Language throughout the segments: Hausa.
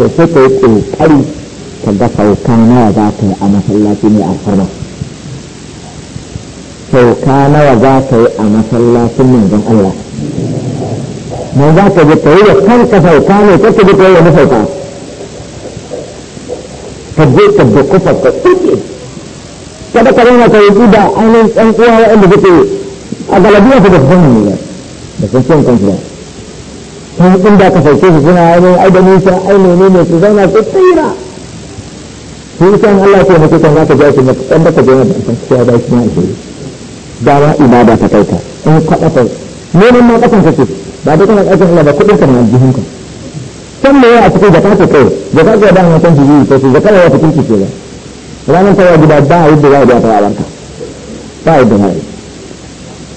ان تسكتوا قلي كدفعوا كان وذاته أما ثلاثين أخرى فكان وذاته أما ثلاثين من الله ما ذاته بالطويلة كان كفعوا كان وذاته بالطويلة مفوتا كذلك بقفة كتبين كذا كلمة يجيبا أنا أنقوها وأنا بطويلة أغلبية في الظهن بس انتين كنت sun inda ka sauke su suna ainihin aibani sa ainihin ne su zauna su tsira sun san Allah ce mace kan zaka jashi maka kan baka je mata kan cewa ba shi na gawa ibada ta kaita in kwaɗa ta neman ma ƙasan kake ba da kana ƙasan Allah ba kuɗin ka na aljihun ka san me ya ka cikin zakata kai zakata ya ba mu kan ko su zakata ya fitin kike ba ranar ta wajiba ba a yi da za a biya ta yaranka ba a yi da za a yi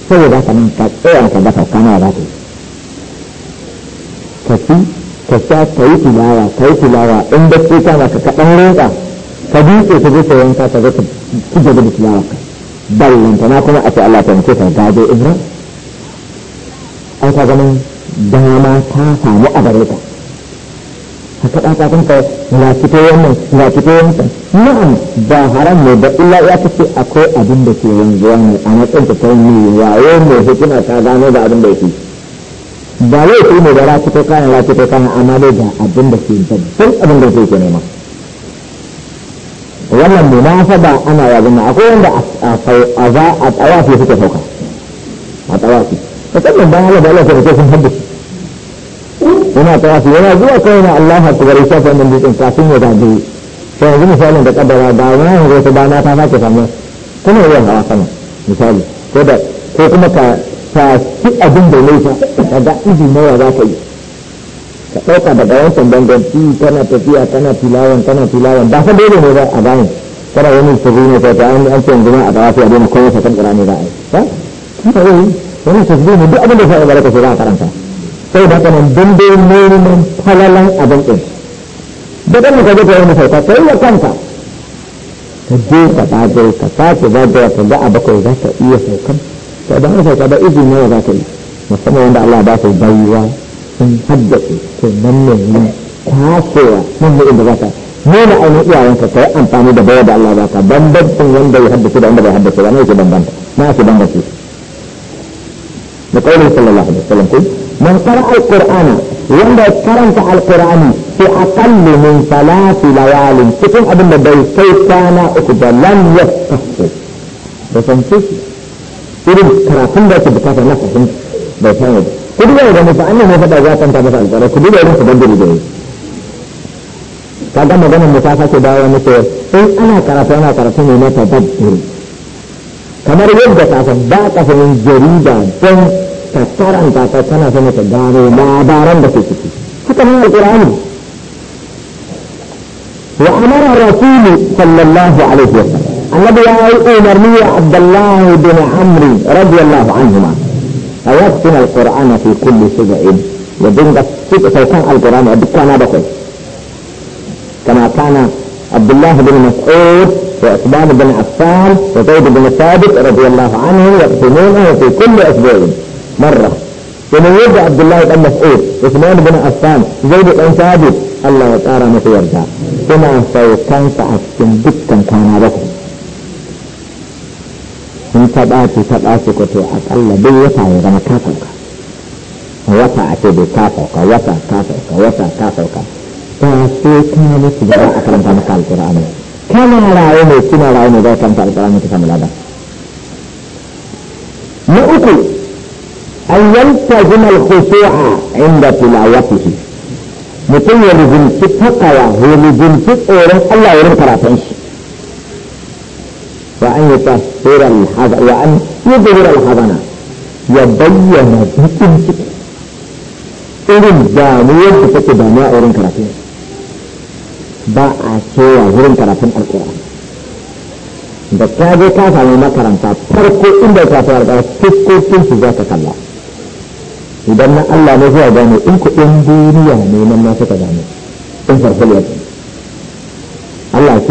saboda haka mun ka tsaya ka baka kana za ta yi tafi ka sha ka yi tilawa ka yi tilawa in da ke kama ka kaɗan roƙa ka dutse ka zai sayan ka zo ka ci gaba da tilawa ka ballanta na kuma a ce Allah ta mace ka gado ibra an ka ganin dama ta samu a gare ka ka kaɗa ka kan ka na fito wannan na fito wannan na'am ba haram ne ba illa ya ce akwai abin da ke yanzu wannan a matsayin ta ta yi wayo mai hikima ta gano da abin da yake ba laifi kuma da rafi ko kayan rafi ko kayan amma dai ga abin da ke babban abin da ke nema wannan munasaba ana yabin na akwai wanda a za a tsawafi suka sauka a tsawafi musamman ba Allah da Allah ke rike sun haddace yana tsawafi yana zuwa kai na Allah har kubar isa wannan mun kafin ya gaje to yanzu misalin da kaddara ba wani ne ta na ta sake samu kuma yawan hawa sama misali ko da ko kuma ka shafi abin da nesa ka ga izi nawa za ka yi ka ɗauka daga wancan danganci tana tafiya tana filawan tana filawan ba fa dole ne ba a bayan kana wani sabu ne ta an an ce yanzu a tawafi a daina koyar sakan ƙurani za a yi ba kuma yi wani sabu ne duk abin da sai baraka sai za a karanta sai da kanan dindin neman falalan abin ɗin da ɗan ka ga ta wani sauka sai ya kanta ka je ka ɗaje ka sake zagaya ka ga a bakwai za ka iya saukan Sebab saya tak ada izin dengan orang kata. Maka mahu tak lah bahasa bayi lah. Menghadap ke menang lah. Kasa lah. Mahu yang berkata. Mana orang yang lah. yang kata. Apa ni dah bayar Allah berkata. Bandar penggandai hadis. Tidak ada hadis. Tidak ada hadis. Tidak ada hadis. Tidak ada hadis. Maka Allah SWT. Maka Al-Quran. Yang dah sekarang ke Al-Quran. Si akallu min salati lawalim. Itu yang ada bayi. Kaitana ukubah. Lan yastahfuh. Bukan betul irin karatun da ake bukata na fahimta bai samu ba ku duba da mu musa annan ya faɗa za kanta masa alƙara ku duba irin sababbin da yi ka ga mu ta sake dawo muke in ana karatu ana karatu ne na tababburi kamar yadda ka san ba ka sanin jarida don ka karanta ka kana son ta gano labaran da ke ciki haka nan alƙur'ani wa amara rasulu sallallahu alaihi wasallam النبي أي أمر لي عبد الله بن عمرو رضي الله عنهما فيكتم القرآن في كل وبنت يدنك سيكون القرآن بكان بكل كما كان عبد الله بن مسعود وعثمان بن عفان وزيد بن ثابت رضي الله عنه يقسمونه في كل أسبوع مرة ومن يرجع عبد الله بن مسعود عثمان بن عفان زيد بن ثابت الله تعالى يرجع كما سيكون فأسكن بكا كان بكل sun ta ɓaci ta ɓaci ko to aƙalla duk wata ya zama ka sauka wata a ce bai ka sauka wata ka sauka wata ka ta so ta mutu da a karanta maka alƙur'ani kana raye ne kina raye ne za ka karanta alƙur'ani ka samu ladan na uku an yanta jimal khushu'a inda tilawatihi mutum ya rubuci takawa ya rubuci tsoron Allah ya wurin karatun shi وأن يطهر الحزن وأن يظهر الحزن يبين بكم irin damuwar da take damuwa a wurin karatun ba a cewa wurin karatun alƙur'ani da ka je ka samu makaranta farko inda ka fara da fuskokin su za ka kalla idan na Allah ne zuwa gane in kuɗin duniya ne nan na suka gane in farko ne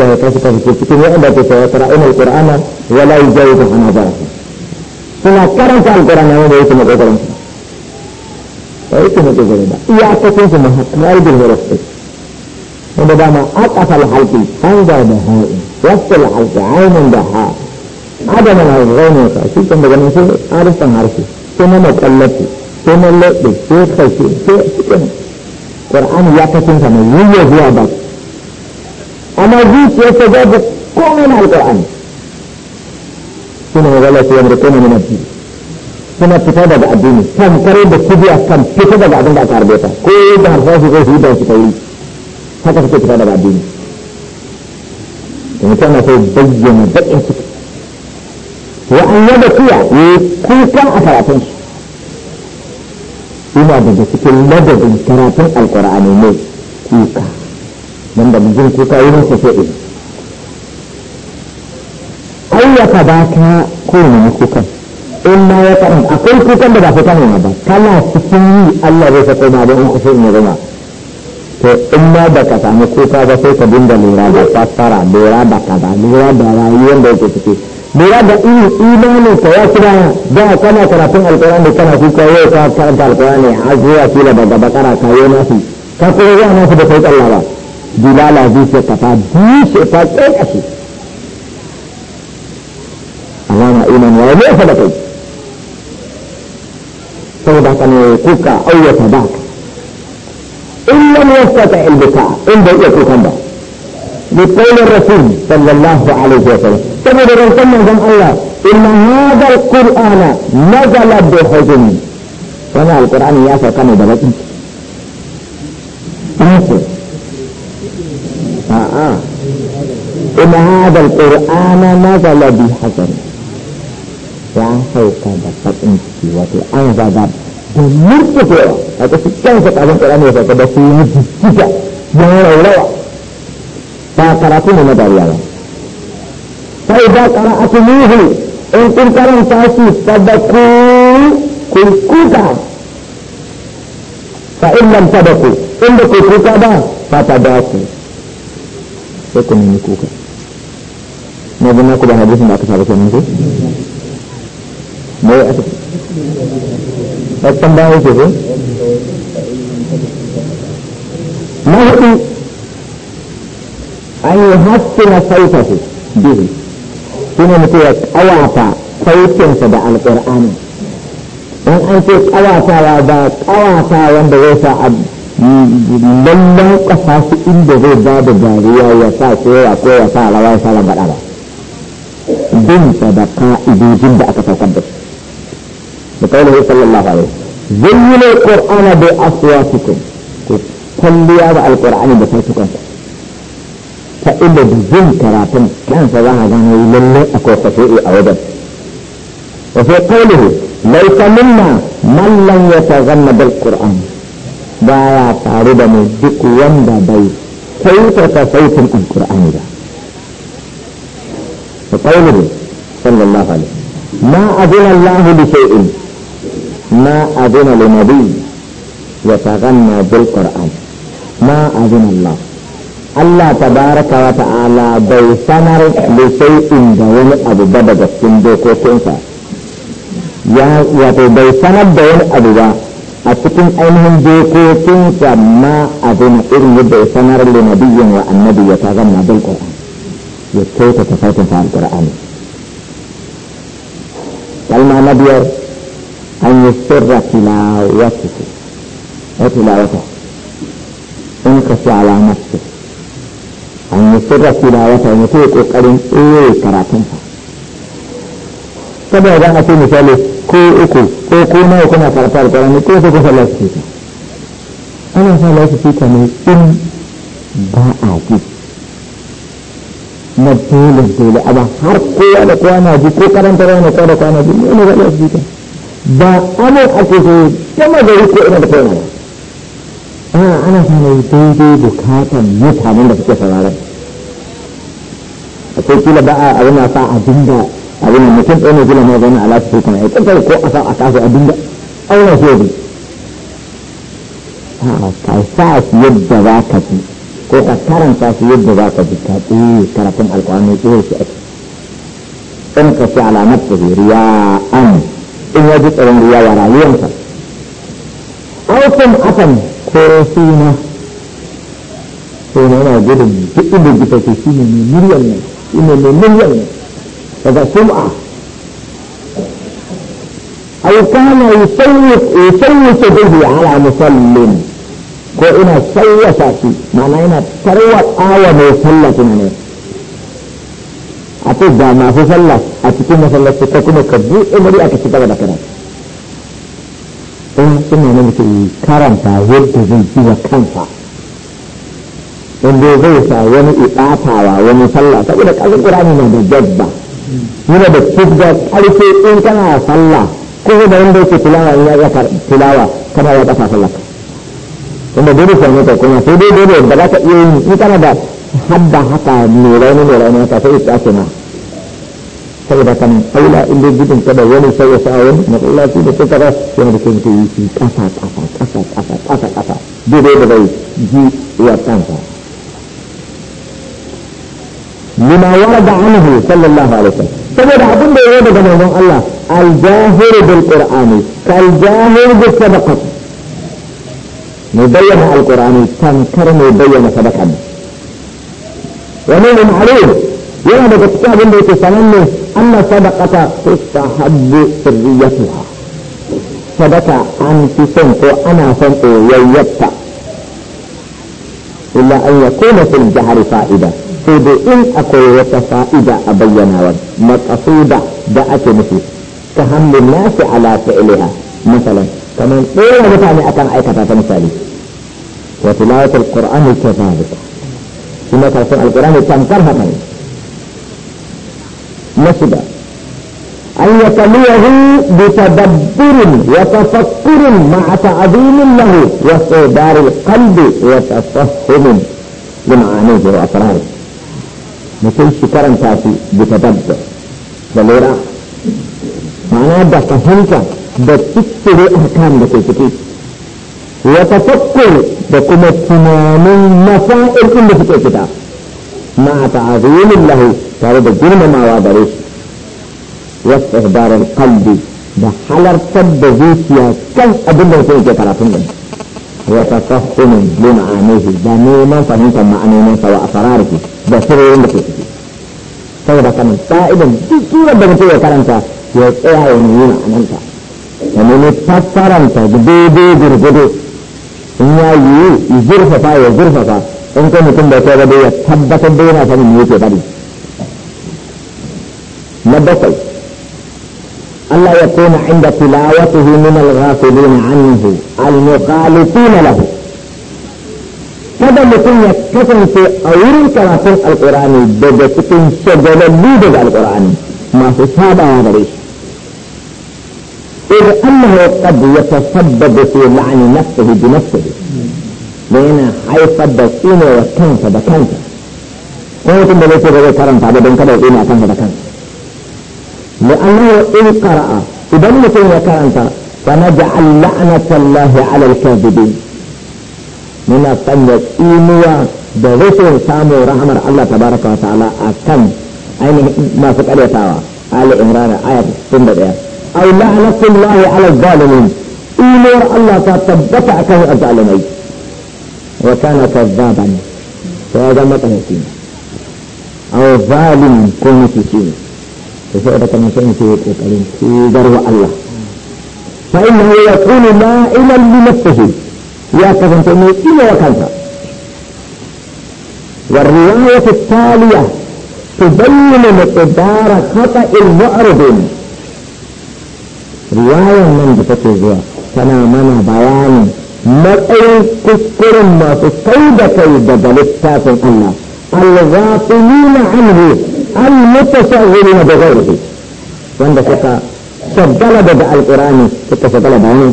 gaskiya ya tashi kan ke cikin wa'anda ke saya qara'in alqur'ana wa la yujawizu hanajarakum suna karanta alqur'ana wanda yake na kokarin ba yake na kokarin ba iyakacin su mahakaidul huruf ɗin wanda dama aqafa alhalqi canza da ha'i wasu alhalqi ainin da ha'i adamin alghaini ka shi kan daga nan sai arifan harshe sai na matsalati sai na sai kashe sai cikin ƙwar'ani ya kasance mai yiwuwa zuwa baki amma zuciyarsa babu komai na alƙur'ani suna magana su yamda komai na addini suna fita daga addini kan kare da kibiya kan fita daga abin da aka harbe ta ko da harfa su zai su yi da su kai haka suke fita daga addini kuma tana sai bayyana baƙin ciki wa an yada kuya ya kukan a karatun su ina daga cikin ladabin karatun alƙur'ani mai kuka wanda mutum ko ka yi masa sai ina ayyaka ba ta kowane kukan in ma ya karan akwai kukan da ba ka kama ba kana cikin yi Allah zai sako ma don kusur ne zama to in ma da ka samu kuka ba sai ka dinga lura da fassara lura da kaza lura da rayuwar da yake ciki lura da iri imanin ka ya kira da kana karatun alkurani kana kuka yau ka karanta alkurani har zuwa kila daga bakara ka yi nasu ka kuma zuwa nasu da kai tsalla ba دلالة دي سي قطع دي سي فاك اي اشي اغانا ايمان وانيا فلقي سوضا كان يقوكا او يتباك ان لم يستطع البكاء ان بي يكوكا بقول الرسول صلى الله عليه وسلم تقول الرسول من الله ان هذا القران نزل بحزن فما القران يا فقام بلدك a'a ina hada alqur'ana nazala bi hazar ya sauka da faɗin ciki wato an da murtakewa a ƙasar kansa ƙasar ƙur'ani ya sauka da su yi jijjiga ya raurawa ba karatu ne na dariya ba sai ba qara'atumuhu in kun karanta shi in lam sadaku in kuka ba sai ku nemi kuka na zama ku da hadisin da aka saba kenan ko mai aka ɗaukan bayan ke ko na hudu an yi haskina sautahu bihi shi ne mutum ya ƙawata sautinsa da alƙur'ani in an ce ƙawatawa ba ƙawata wanda zai sa lallan kasa shi inda zai ba da dariya ya sa tsora ko ya sa rawa ya sa lambaɗa ba bin sadaka idojin da aka saukar da su da kawai sallallahu alaihi zayyana qur'ana asuwa aswatikum ko kalliya da alqur'ani da sautukan ta inda jin karatun kansa za a gano lallai akwai fashe'i a wajen wasu qawlihi laysa minna man lam yataghanna bil qur'an ba ya faru da mai duk wanda bai kai ta ta saifin ba ta kawai allah bi shay'in ma ta'ala bai sanar da wato bai sanar da wani abu ba a cikin ainihin dokokinsa ma abu na irin yadda ya sanar da nabiyin wa annabi ya ta zanna bil qur'an ya kauta ta sautin ta alqur'ani kalma na biyar an yi sirra tilawatuhu wa tilawata in ka shi ala nafsi an yi sirra tilawata ya ce kokarin tsere karatunsa saboda idan a ce misali ko uku ko ko nawa kuna karfar karami ko kuka salafi ta ana salafi ta ne in ba a ji na dole dole a ba har kowa da kowa na ji ko karanta rana ko da kowa na ji ne ga lafi ta ba ana ake so kama da ko ina da kowa na ba ana sanar daidai bukatan mutanen da suke sauraron akwai kila ba a yana sa a dinga abin da mutum ɗaya ne gina ma zaune a lafiya kuma ya ƙasar ko a sa a kasu a dinga auna shi yadda ka sa shi yadda za ka fi? ko ka karanta shi yadda za ka ji ka tsaye karatun alƙawani tsaye shi ake in ka fi alamar ta riya an in ya ji tsaron riya wa rayuwarsa aikin akan ko suna suna yana gudun duk inda gita shi ne mai miliyan ne shi ne mai miliyan ne daga sum'a أو كان يسوس يسوس به على مسلم ko ina sauwata shi mana yana tarwata wa mai sallah tunani a da masu sallah a cikin masallaci ko kuma ka buɗe muri aka ci gaba da karatu in suna nan mutum karanta yadda zai ji wa kansa in zai sa wani ibatawa wani sallah saboda kalin ƙurani na da jabba yana da kibda karfe in kana sallah ko da wanda yake tilawa in ya ga tilawa kana ya kafa sallah wanda dole sai ne kuma sai dai dole da za ka iya yin in kana da hadda haka mai rauni mai rauni haka sai ya ce ma da kan aula in dai kada wani sai ya sa wani masallaci da suka ra yana da kai mutum yi kasa kasa kasa kasa kasa dole da bai ji ya kansa لما ورد عنه صلى الله عليه وسلم فماذا طيب، إيه عبد الله ورد جمعه الله الجاهر بالقرآن كالجاهر بالصدقه مبين على القرآن تنكر مبين صدقه ومن المعلوم ورد كتاب الله تسالني أن سبقة تستحب سريتها صدقه أنت سنك وأنا سنك ويبتع إلا أن يكون في الجهر فائدة sai dai in akwai wata fa'ida a bayyanawar makasuda da ake nufi ta hannun nasi ala fi'liha masalan kamar ɗora mutane akan aikata ta misali wa tilawatul qur'ani kadhalika kuma karatun alqur'ani tamkar haka ne na shida an yataliyahu bi tadabburin wa tafakkurin ma'a ta'zimin lahu wa idaril qalbi wa tafahhumin lima'anihi wa asrarihi mutum shi karanta su bisa dabda da lura ma'ana da fahimta da cikkire kan da ke ciki wa tafakkur da kuma tunanin masa'il da suke fita ma ta'azimin lahu tare da girmamawa gare shi wasu istihdarar kalbi da halartar da zuciya kan abin da yake karatun nan وتفهم لمعانيه دميما فهمت معانيه وأسراره بسر عندك saboda kanan sa'idan duk turar da mutum ya karanta ya tsaya ya nemi ma'ananta ya nemi fassaranta daidai gurgudu in ya yiwu ya zurfafa ya zurfafa in ko mutum da kai gado ya tabbatar da yana sanin me yake bari na bakwai ألا يكون عند تلاوته من الغافلين عنه المخالفين له kada mutum ya في a كراسل القرآن alkurani شجل cikin shagalallu daga alkurani masu sabawa gare إذ أنه قد يتسبب في لعن نفسه بنفسه لأن حيث الدسين وكانت بكانت ويتم بلسي غير كرم فعلا بين كده وإينا كانت بكانت لأنه إن قرأ إبنك وكانت فنجعل لعنة الله على الكاذبين من الطنية إيمية بغسر سامو رحمة الله تبارك وتعالى أكم أين ما فكر يتاوى آل إمران آية سنة يا أو لعنة الله على الظالمين إيمية الله تبتع كهو الظالمين وكان كذابا فهذا ما تهتين أو ظالم كونه في وفي أبدا من شأن في ذروة الله فإنه يكون نائلا لنفسه يا أن تأمي إلا وكذا والرواية التالية تبين مقدار خطأ المعرض رواية من جفت الزواء كما منع بيان مرأي كفر ما في كيد كيد دلتاك الله الغاطمين عنه المتشغلين بغيره wanda suka shaggala daga alkurani suka shaggala da wani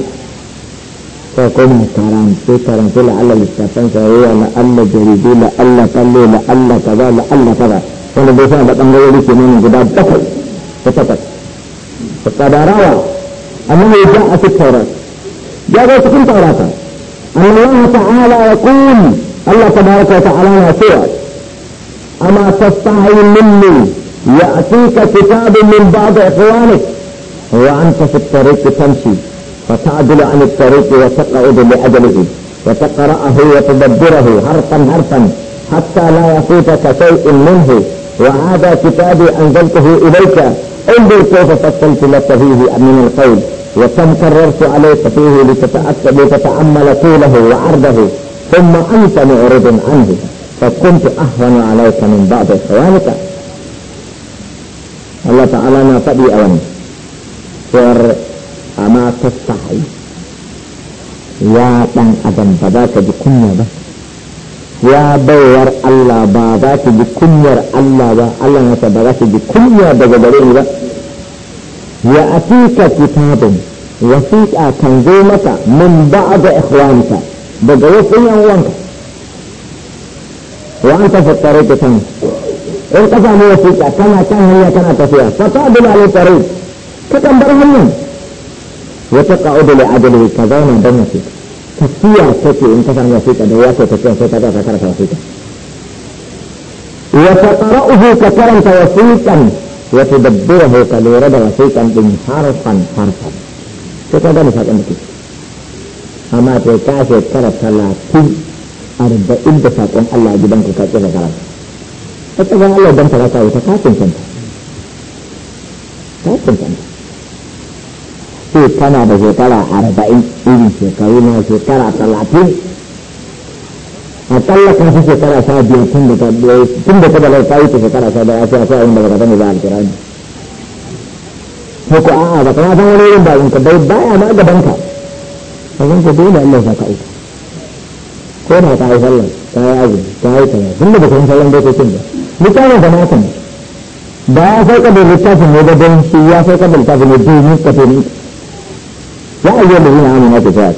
ko kuma karance karance la Allah littafan sarayya la Allah jaridu la Allah kallo la Allah kaza la Allah kaza wanda dai suna da bangarori ke nan guda bakwai ta takwas ta kadarawa amma ne ya a cikin taurat أما تستحي مني يأتيك كتاب من بعض إخوانك وأنت في الطريق تمشي فتعدل عن الطريق وتقعد لأجله وتقرأه وتدبره حرفا حرفا حتى لا يفوتك شيء منه وهذا كتابي أنزلته إليك انظر كيف فصلت لك فيه من القول وكم كررت عليك فيه لتتأكد لتتأمل طوله وعرضه ثم أنت معرض عنه فكنت أهون عليك من بعض إخوانك الله تعالى ما تبي أون فور أما تستحي يا تن أدم بذاك بكنيا بس يا بور الله بذاك بكنيا الله و الله ما تبذاك بكنيا بجبرين بس يا أتيك كتاب وفيك أكنزومك من بعض إخوانك بجوفين أولاك وأنت في الطريق تمام انقطع موفقك كما كان هي كانت فيها فتعدل على الطريق فتنبر منه وتقعد لعدله كذا ما بين فيك تسيا تكي انقطع موفقك دواسة تسيا تكي تكي تكي تكي تكي وتقرأه كثيرا توفيقا وتدبره كذيرا توفيقا من حرفا حرفا كذا ده مساك انك اما تكاسي كرة ثلاثين arba'in da saƙon Allah a gidanka ka tsira karatu a tsaron Allah don ta rasa wuta kafin kanta kafin kanta ce tana da shekara arba'in irin shekaru na shekara talatin akalla kan fi shekara sa biyar tun da ta tun da ta da ta yi shekara sha biyar sai a sa'in da baka sani ba alƙur'ani ko ko a'a ba kana san wani irin ba in ka bai baya ma gaban ka zan san ka dole Allah ya saka uku ko da ta yi sallah ta yi azumi ta yi kaza tun da bakin sallan dokokin ba mutane da naka ba ya sauka da littafin ne da don shi ya sauka da littafin ne domin ka tuni ya ayyuka da zina amina ta tsaya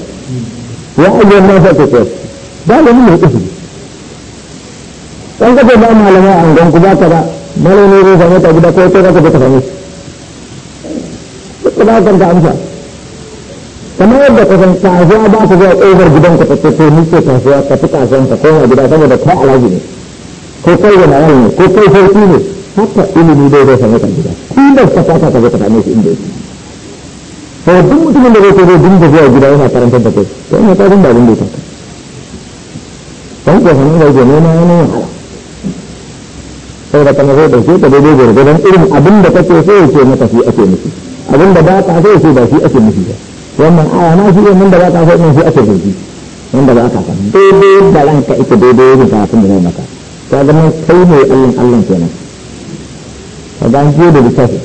ya ayyuka na sa ta tsaya ba da nuna kusu dan kace ba malamai a gan ku ba ka ba malami ne zama ta gida ko kai ka ka samu ko ba ka amsa kamar yadda ka kasuwa ba su zuwa ƙofar gidanka ta ce ko ni ce kasuwa ka fi kasuwan ka koma gida saboda kai alaji ne ko kai ne ko kai sarki ne haka ilimi dai zai same kan gida inda ka fata ka zai ka same shi inda yake to duk mutumin da zai ce zai dinga zuwa gida yana karantar da kai to ina ta dinga abin da nema yana yin hala saboda kana zai dauke ka daidai gwargwadon irin abin da kake so ya ce maka shi ake nufi abin da ba ka so ya ce ba shi ake nufi ba wannan aya na shi mun da ba ka faɗin shi ake zargi wanda ba ka faɗin daidai da ka ita daidai yake ta san da zai maka ta zama kai ne allon ke nan ka ga ji da littafi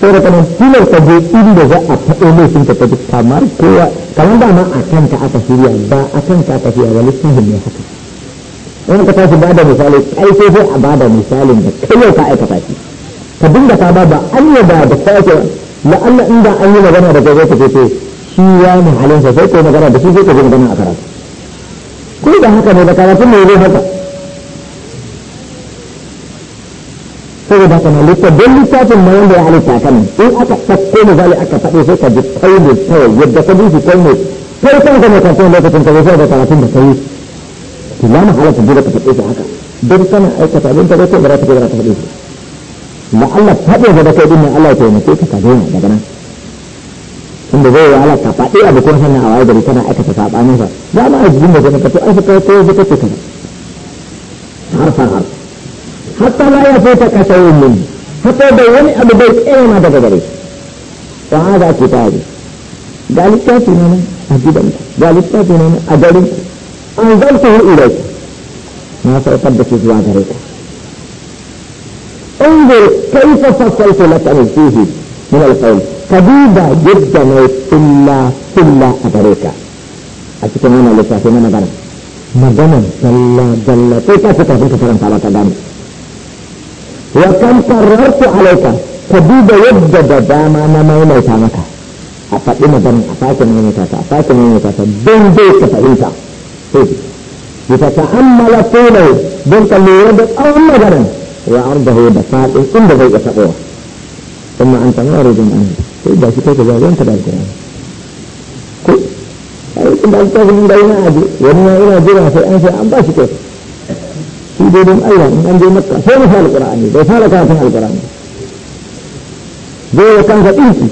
da kana tilar ka je inda za a faɗo laifin ka kaji kamar kowa kamar ba ma a ka aka shirya ba a ka aka shirya ba littafin ne haka wani ka tashi bada misali kai ko sai a bada misalin da kai yau ka aikata shi ka dinga ka ba ba an ba da kwakwa la'alla inda an yi magana da kai zai ka shi ya mun halinsa sai kai magana da shi sai ka ji magana a karatu ko da haka ne da karatu ne zai haka saboda haka na lissa don littafin ma wanda ya halitta kan in aka ɗauko misali aka faɗo sai ka ji kai ne kawai yadda ka bi kai ne kai kan ka mai kasuwan lokacin ka zai da karatun da ka yi to la mu halatta dole ka faɗo haka don kana aikata abin da kai ba za ka ba za ka faɗo shi Allah faɗo da kai din nan Allah ya taimake ka ka daina daga tunda zai wahala ka faɗi abu kuma sannan a waye gari kana aikata saɓanin sa ba ma ajibin da zai ka to ai fa kai ko zai kace harfa har hatta la ya fita ka sayin min hatta da wani abu bai tsaya ma daga gare wa hada kitabi ga littafi ne a gidan ga littafi ne a garin an zanta hu ilai na saukar da shi zuwa gare ka انظر كيف فصلت لك من فيه من القول ka yadda mai kulla kulla a gare ka a cikin wannan littafi na magana maganan dalla dalla ko ka fi kafin ka karanta ba ka gane wa kan fararku alaika ka duba yadda da dama na maimaita maka a faɗi maganin a sake maimaita ta a sake maimaita ta don dai ka fahimta ta ko don ka يتتأمل طوله بنت اللي يرد أو مثلا وعرضه بساط إن بغيت تقوى ثم أنت معرض عنه Itu dah kita kebawaan sedangkan. Ku, saya sedangkan dengan bayna aja. Ya ni ayah aja lah. Saya ambas apa sih tu? Si dedem ayah dengan dia mereka. Saya ni salah kerana ni. Saya salah kerana saya salah kerana. Saya akan saya isi.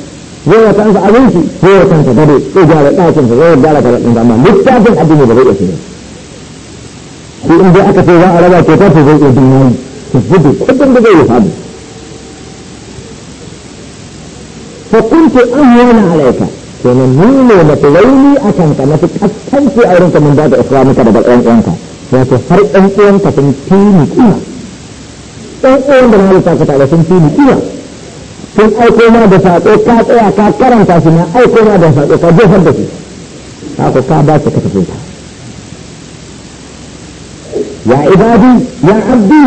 Saya akan saya alisi. Saya akan saya tadi. Saya jalan tak cuma. Saya jalan jalan dengan zaman. Bukan pun ada ni berita sini. Si umbi akan saya ada kita sebagai umbi. Sebab itu, sebab itu, sebab itu, فكنت أهون عليك كان نوني متويني أكنك ما تتحسنك أورنك من بعد إخوانك بدل أن أنت wato har ɗan uwanka sun fi ni kima ɗan uwan da na halitta ka sun fi ni kima aiko ma da saƙo ka tsaya ka karanta shi na aiko ma da saƙo ka jefar da shi haka ka ba su ka tafi ta ya ibadi ya abdi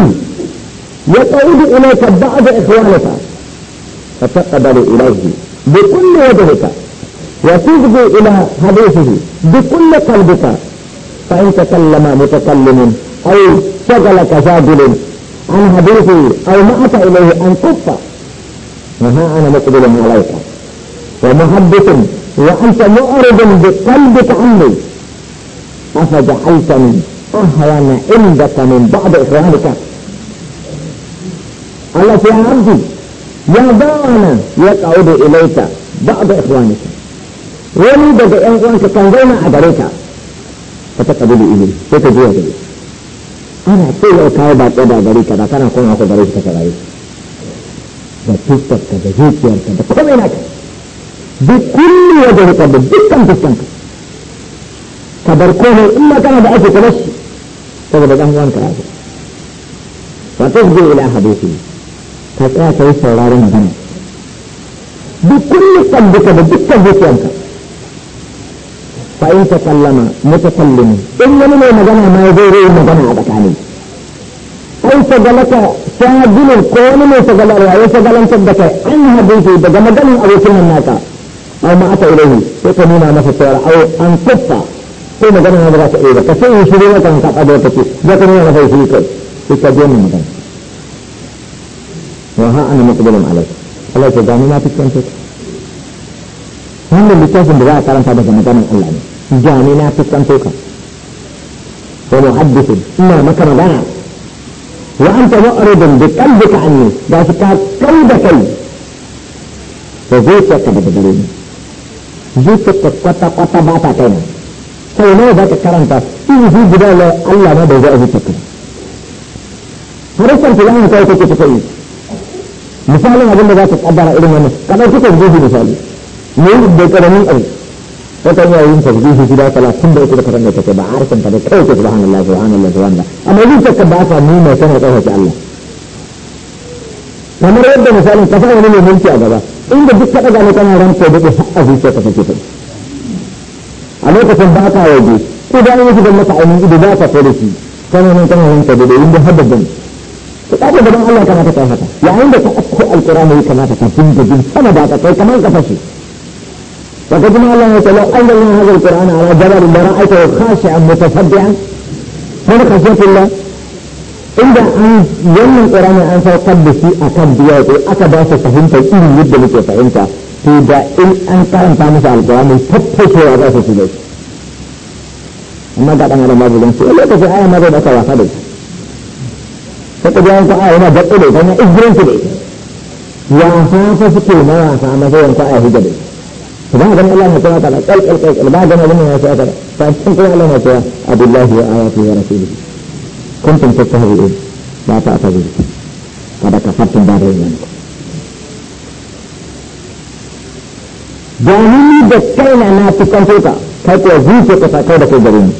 ya qaudu ilayka ba'da ikhwanika فتقبل إليه بكل وجهك وتفضي إلى حديثه بكل قلبك فإن تكلم متكلم أو شغلك جادل عن حديثه أو مأت إليه أن كف وها أنا مقبل عليك ومحدث وأنت معرض بقلبك عني أفجعلتني أهون عندك من بعض إخوانك الله في عبدي ya bawana ya da ilaika ba a ga ikhwanika wani daga yan uwanka kan zauna a gare ka ka ta kabulu ilimi ko ka juya gare ana cewa kawo ba da gare ka ba kana kuma ku gare ka ka rayu da fuskar ka da zuciyar ka da komai naka da kulli ya gare ka da dukkan dukkan ka ka bar komai in ma kana da ake kamar shi saboda dan uwanka ya ba ta tasbi ila hadisi ka tsaya ka yi sauraron duk kullum kan duka da dukkan zuciyanka fa in ta kallama mutakallimu in wani mai magana ma zai yi magana a tsakani ai sagalaka shagilin ko wani mai sagalarwa ya sagalantar da kai an hadisi daga maganin abokin nan naka aw ma ata ilaihi sai ka nuna masa cewa au an kuffa sai magana na ba ta iya ba ka sai shi ne ka kan ka da kake za ka nuna masa shi kai sai ka je magana wa ha ana maqbalun alayka Allah ya gani na fuskanta wannan littafin da za a karanta daga maganar Allah ne gani na fuskanto ka wa muhaddithin ina maka magana wa anta mu'ridun bi qalbika da su ka kai da kai to zuciyarka daga gare ni zuciyarka kwata kwata ba ta kai na sai nawa za ka karanta in ji Allah ma bai zo a zuciyarka take yi misalin abin da za ka kaddara irin wannan ka ɗauki tasbihi misali ne da karamin abu ko yi yayin tasbihi gida talatin da uku da karamin ta take ba a harkar ta da kawai ke subhanallah subhanallah subhanallah amma zuciyarka ba ka nuna kana tsawaki Allah kamar yadda misalin kasa wani mai mulki a gaba inda duk kaɗa gano kana ranta da ɗaya a zuciyarka take ta a lokacin ba ka waje ko da an yi gidan maka ainihin ido za ka so da shi kana nan kana ranta da ɗaya inda haddadin kaje da dan Allah kamata ka haka yayin da ka akwai alqur'ani ya kamata ka tunje din sama da ka kai kamar ka fashi wa ga jama'a Allah ya ce la ayyul min kashi a ala jabal la ra'aytu khashi'an mutasaddian kana khashiyatullah inda an wannan qur'ani an saukar da shi akan duwatsu aka ba su fahimta irin yadda muke fahimta to da in an karanta musu alqur'ani tattaukewa za su shiga amma ga dan adam babu lansu lokacin ayyama zai baka wasa da shi faɗi bayan kwa'a yana da tsoro sannan izgirin su da ita wasa fa suke na wasa mazayin kwa'a hujja da ita ba ganin Allah na cewa kaza kalkal ba ganin Allah na cewa kaza ta cikin kuma Allah na cewa abullahi wa ayatu wa rasulihi kuntum tattahidun ba ta tabi kada ka fatin ba da yin da da kaina na fi kan kai kuwa zuciya ta kai da kai gare ni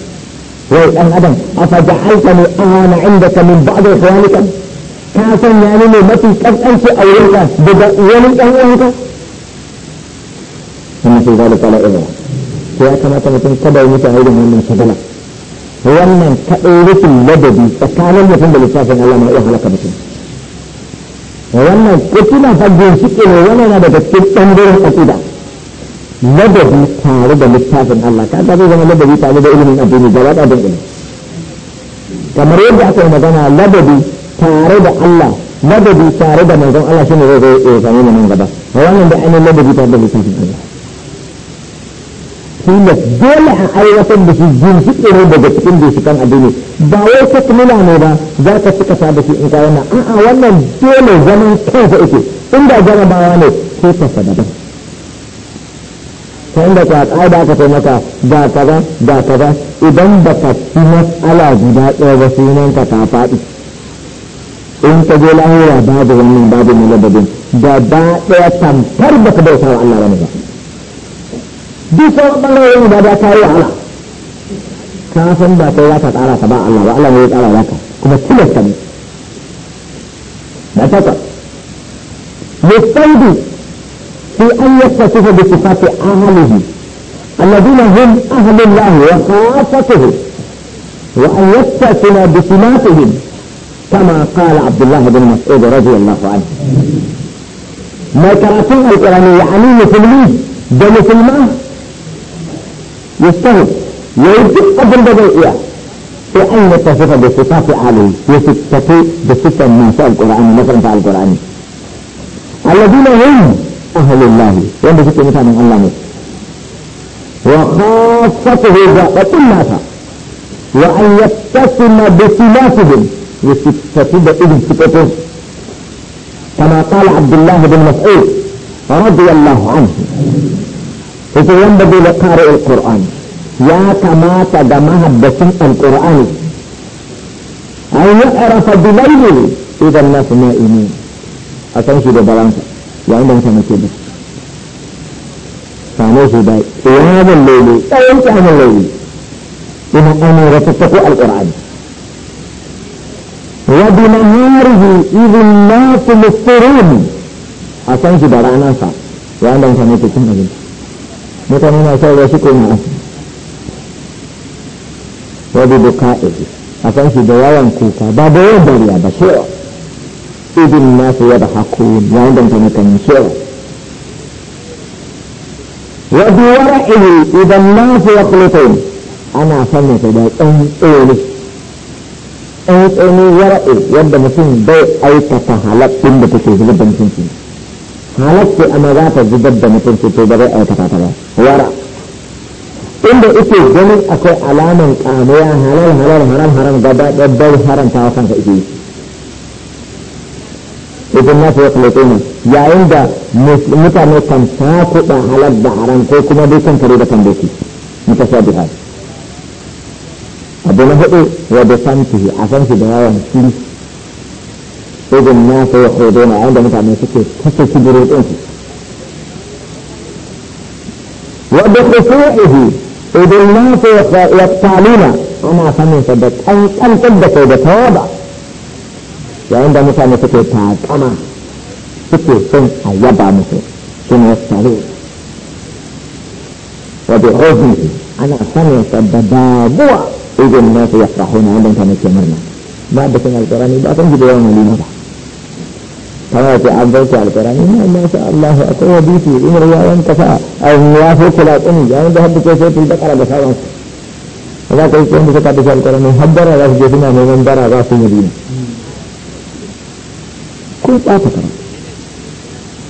وقال ادم افجعلتني انا عندك من بعض اخوانك كافر يعني ما في كفانك او رجع بدا ولد اخوانك ثم في ذلك على ابراهيم يا كما تمتن كبر متعيد من من كبلا ومن كأورث الذي فكان يفهم بالإسلاف أن الله ما أخلق بكم ومن كتنا فجر شكرا ومن هذا كتنا فجر شكرا ladabi tare da littafin Allah ka ga zai zama ladabi tare da ilimin addini gaba da dangane kamar yadda aka yi magana ladabi tare da Allah ladabi tare da manzon Allah shine zai zai ya sami nan gaba wannan da ainihin ladabi tare da littafin Allah kuma dole a aiwatar da shi su ne daga cikin bishikan addini ba wai takmila ne ba za ka fi sa da shi in kawo na a'a wannan dole zaman kansa ake inda jarabawa ne ko kasa daban wanda ka ƙa'ida aka ce maka ga kaza ga kaza idan ba ka fi matsala guda ɗaya ba sunan ka ta faɗi in ka je lahira babu wannan babu da ba ɗaya tamfar ba ka bauta wa Allah ba wani ba duk sauran ɓangarorin da ba ta yi wahala ka san ba kai za ka tsara ka ba Allah ba Allah ne ya tsara zaka kuma tilasta ne ba ta ka mustaidi في أن يتصف بصفات أهله الذين هم أهل الله وخاصته وأن يتصل بسماتهم كما قال عبد الله بن مسعود رضي الله عنه ما كراتين القرآن يعني مسلمين ده مسلمان يستهد ويجب قبل بدائية في أن يتصف بصفات أهله يستطيع بصفة من القرآن مثلا القرآن الذين هم ahlullahi yang bersyukur minta dengan Allah wa khasatuhu da'atun nasa wa ayyattasuna bisilatuhin yusifatu da'idin sifatuh kama kala Abdullah bin Mas'ud radiyallahu anhu itu yang bagi lekari Al-Quran ya kama tadamah basin Al-Quran ayya'ara fadilaini idhan nasma ini akan sudah balang yayin da mutane ke duk same shi da tsawon laili tsawon tsawon laili ina ana ratattaku alƙur'ani wa bi naharihi idhin la tumsirun a san shi da ranar sa yayin da mutane ke cin abinci mutane na son rashi ko na a san shi yawan kuka ba da yawan dariya ba idin nasu ya da hakun ya danta ne kan kewa wa bi wara'ihi idan nasu ya kulutun ana sanin su da tsan tsoni tsan tsoni wara'i yadda mutum bai aikata halattun da take zubar da mutunci halatti amma za ta zubar da mutunci to ba zai aikata ta ba wara inda ita ganin akwai alaman kamuwa halal halal haram haram gaba ɗaya bai haramta wa kanka ita. yi idan na yayin da mutane kan takuda halar da haram ko kuma dai kan kare da kan doki mutashabihat abu na hudu wa da a san shi da yawan shiri idan na su yakhluquna yayin da mutane suke kasa wa da khusu'ihi idan na ana sanin sa da kankan da kai da yang anda misalnya sekitar sama itu pun ayat ha, bahan itu kena selalu wabi rohmi anak sana yang sebeda buah izin nasi yang rahun anda yang sana cemerna tidak ada yang Al-Quran ibu akan jadi orang yang lima lah kalau saya ambil ke Al-Quran ini ya, Masya Allah aku wabisi ini riyawan kasa al-miyafu kelak ini yang anda habis saya tidak kalah bersawang Allah kaitan bisa kata Al-Quran ini habdara rasgifina memandara rasgifina kun ɓata kara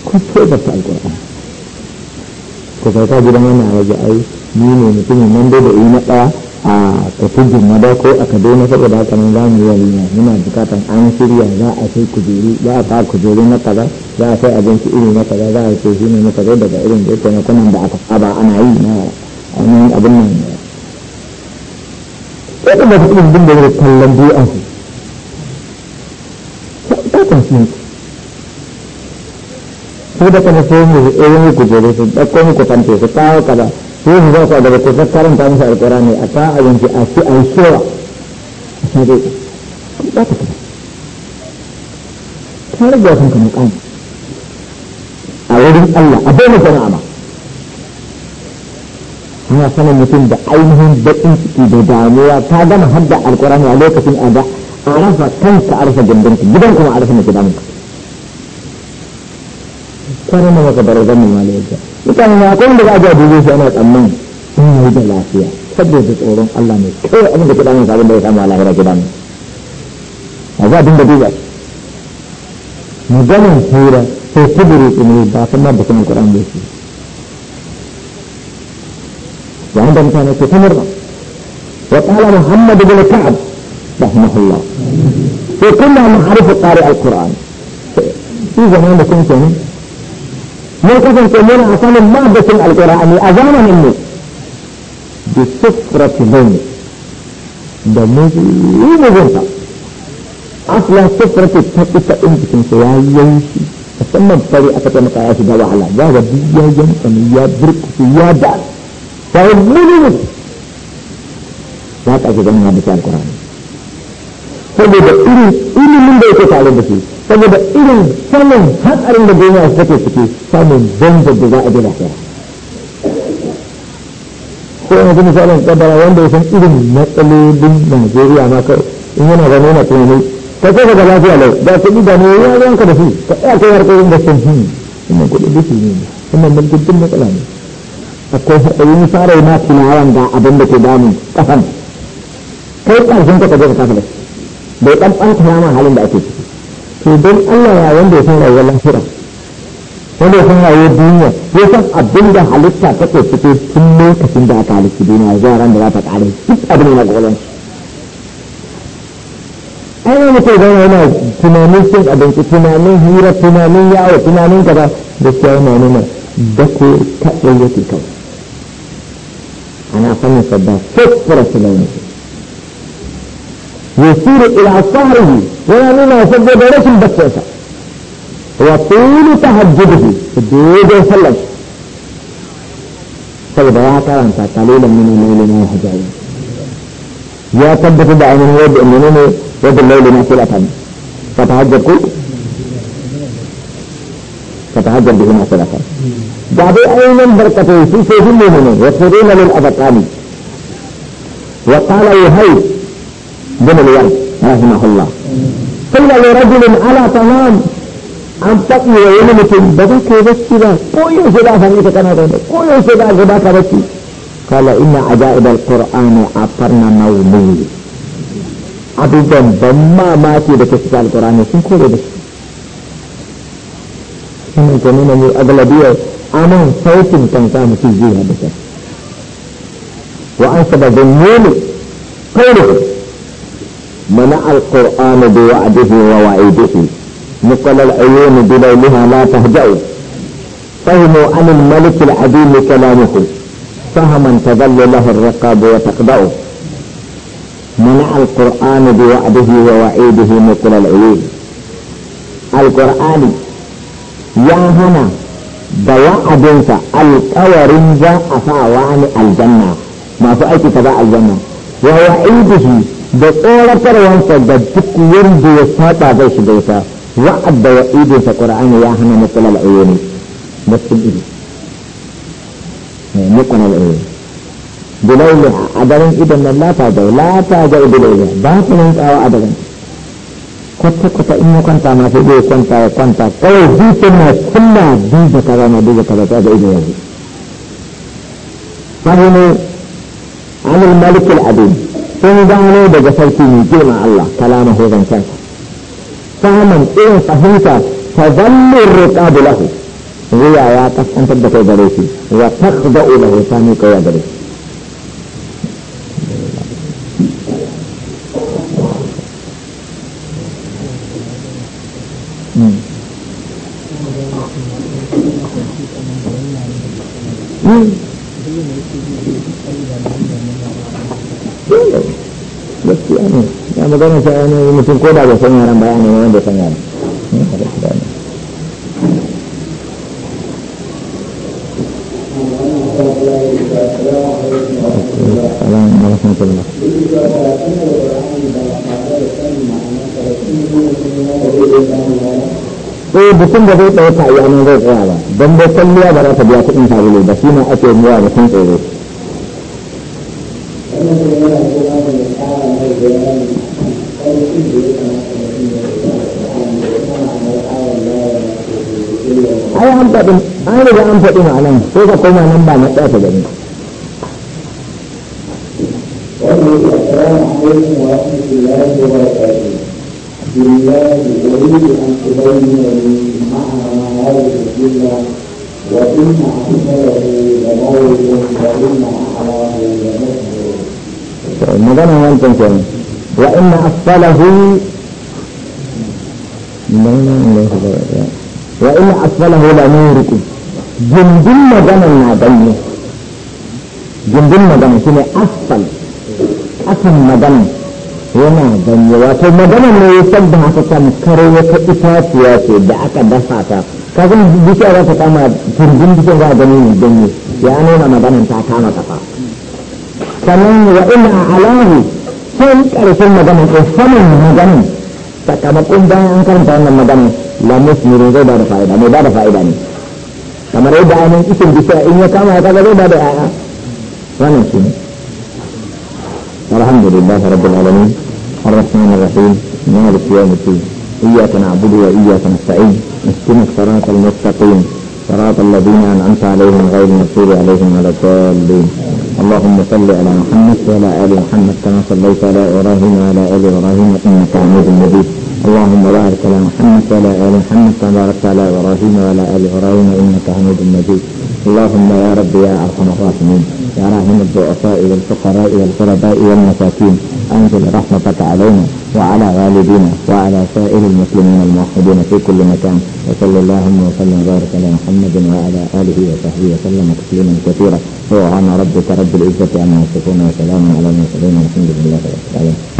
kun tsobarta alƙur'ani ku gidan waje ai ni ne mutumin nan dai da yi ɗaya a kutubin mada ko a kaduna saboda haka nan za mu yi walima muna bukatan an shirya za a sai kujeru za a fara kujeru na kaza za a sai abinci iri na kaza za a sai na kaza daga irin da yake na kunan da aka saba ana yi na abin nan da kallon biyu a su ta ko da kuma sai mu zo mu kujere su ɗauko mu ku fante su kawo kaza ko mu ba ku daga ku fakkarin ta musu alqur'ani a ta abinci a ci a yi shura na dai ba ta ta ga wasan kamar ƙani a wurin Allah a bai mu sana'a ba ana sanin mutum da ainihin baƙin ciki da damuwa ta gama hadda alƙur'ani a lokacin a da a rasa kanka a rasa gindinka gidan kuma a rasa mai gidanka ne da maka zan mu mala yadda mutane na akwai wanda za a ji ana tsamman in yi da lafiya saboda tsoron Allah ne kawai abin da kiɗa sabon da ya samu a lahira kiɗa a za a dinga duba maganin hira sai kuburi tsini ba san ba kuma kuɗan da shi yayin da mutane ke ta murna wa qala muhammad ibn ka'ab rahimahullah sai kunna ma'arifu qari al-qur'an في زمان كنت هنا mun kasance muna sanin madadin alƙur'ani a zamanin mu da sufrati bayn da mugun yi asla sufrati ta ita din cikin sa ya yanki musamman fari aka ce maka ya shiga wahala ya ga ya yanka ya burkutu ya da ta yi mugun ya ka shiga muna da alƙur'ani saboda ilimin da yake tare da shi saboda irin sanin hatsarin da duniya take suke samun banza da za a gina kai ko yanzu misalin kaddara wanda ya san irin matsalolin najeriya ma kai in yana zama yana tunani ka kai ka lafiya lau da kuɗi da ne ya yanka da su ka tsaya kai harkokin da sun hin kuma kuɗi duki ne wannan mulkin duk matsala ne akwai haɗarin fara ma tunawan da abin da ke damun kafan kai ƙarfin ka ka je ka kafa da bai ɗan ɓanta ma halin da ake ciki to don Allah ya wanda ya san rayuwar lafiya wanda ya san rayuwar duniya ya san abin da halitta ta ke ciki tun lokacin da aka halitta duniya zuwa ran da za ta kare duk abin da na gwagwalan ai ne mutum zama yana tunanin cin abinci tunanin hira tunanin yawo tunanin gaba da kyau na nuna da ko kaɗai yake kawai ana sanin sabba sai fura su يصير إلى صهره ولا مما يسجد رسم بكيسة وطول تهجده الدود يسلم طيب يا كرامتا قليلا من الليل ما يحجعون يا تبت دعي من يد من يد الليل ما نافلة فتهجد كل فتهجد به نافلة بعد أين بركته في سجنه يخرجون للأبطال وقال يهيب بن الوليد رحمه الله قال لرجل على طمان عن تقوى يومة بدك رسلا قوي سدا فنيك كما تقول قوي سدا غباك رسي قال إن عجائب القرآن أفرنا نومي أبو جن بما ماتي بكسكا القرآن سنكولي بس سنة جنون أني أغلبية أمان صوت تنقام في جيها بس وأنسب ذنوني قوله منع القرآن بوعده ووعيده نقل العيون بليلها لا تهجأ فهموا عن الملك العديم كلامه فهما تظل له الرقاب وتقدأ منع القرآن بوعده ووعيده نقل العيون القرآن يا هنا بوعدنك القور جاء فاوان الجنة ما فأيك تباع الجنة ووعيده da tsoratarwansa da duk wanda ya saba zai shiga wuta wa'adda wa idinsa qur'ani ya hana mutsalal ayyuni mutum ido mutsalal ayyuni bilaili a garin idon nan lata ga lata ga bilaili ba su nan tsawa a garin kwata kwata in ya kwanta ma sai dai kwanta ya kwanta kawai zuciyar na kulla duba kaza na duba kaza ta ga ido yanzu fahimu anil malikul adil sun gano daga sarki mai girma Allah kalama ko zancen samun irin fahimta ta zallin riƙa lahu wuya ya kaskantar da kai gare shi wa takhda'u lahu ta miƙa ya gare shi magana shi ainihin mutum ko da ba san yaran bayani ne wanda san yaran eh mutum da zai ɗauka ya nan zai tsaya ba don dai kwalliya ba za ta biya kuɗin sabulu ba shi ma ake muwa mutum tsoro an riga an faɗi ma'anan sai ka koma nan ba na ɗaya ka gani بالله أريد أن أبين لي معنى هذه الجملة وإن أحسنه لموت وإن أحراه لمسجد. مدنا وأنتم كم؟ وإن أسفله وإن أسفله لنوركم gindin maganan na ganye gindin maganan shi ne asfal asan maganan yana ganye wato maganan ne ya sabda haka kan kare wata itatuwa ce da aka dafa ta ka zan za ta kama gindin bishiyar za a gani ne ganye ya nuna maganan ta kama kafa sannan wa ina alahu can ƙarshen maganan ko sanin maganan sakamakon bayan an karanta wannan maganan la musmirin zai ba da fa'ida mai ba da fa'ida ne kamar yadda ainihin isin bisa in ya kama ya kaga zai ba da ya'ya wannan shi الرحمن الرحيم مالك يوم الدين إياك نعبد وإياك نستعين نسكنك صراط المستقيم صراط الذين أنعمت عليهم غير المغضوب عليهم ولا الضالين اللهم صل على محمد وعلى آل محمد كما صليت على إبراهيم وعلى آل إبراهيم إنك حميد مجيد اللهم بارك على محمد وعلى ال محمد كما باركت على ابراهيم وعلى ال ابراهيم انك حميد مجيد اللهم يا رب يا ارحم الراحمين يا راحم الضعفاء والفقراء والقرباء والمساكين انزل رحمتك علينا وعلى والدينا وعلى سائر المسلمين الموحدين في كل مكان وصلى اللهم وسلم وبارك على محمد وعلى اله وصحبه وسلم تسليما كثيرا سبحان ربك رب العزه عما يصفون وسلام على المرسلين والحمد لله رب العالمين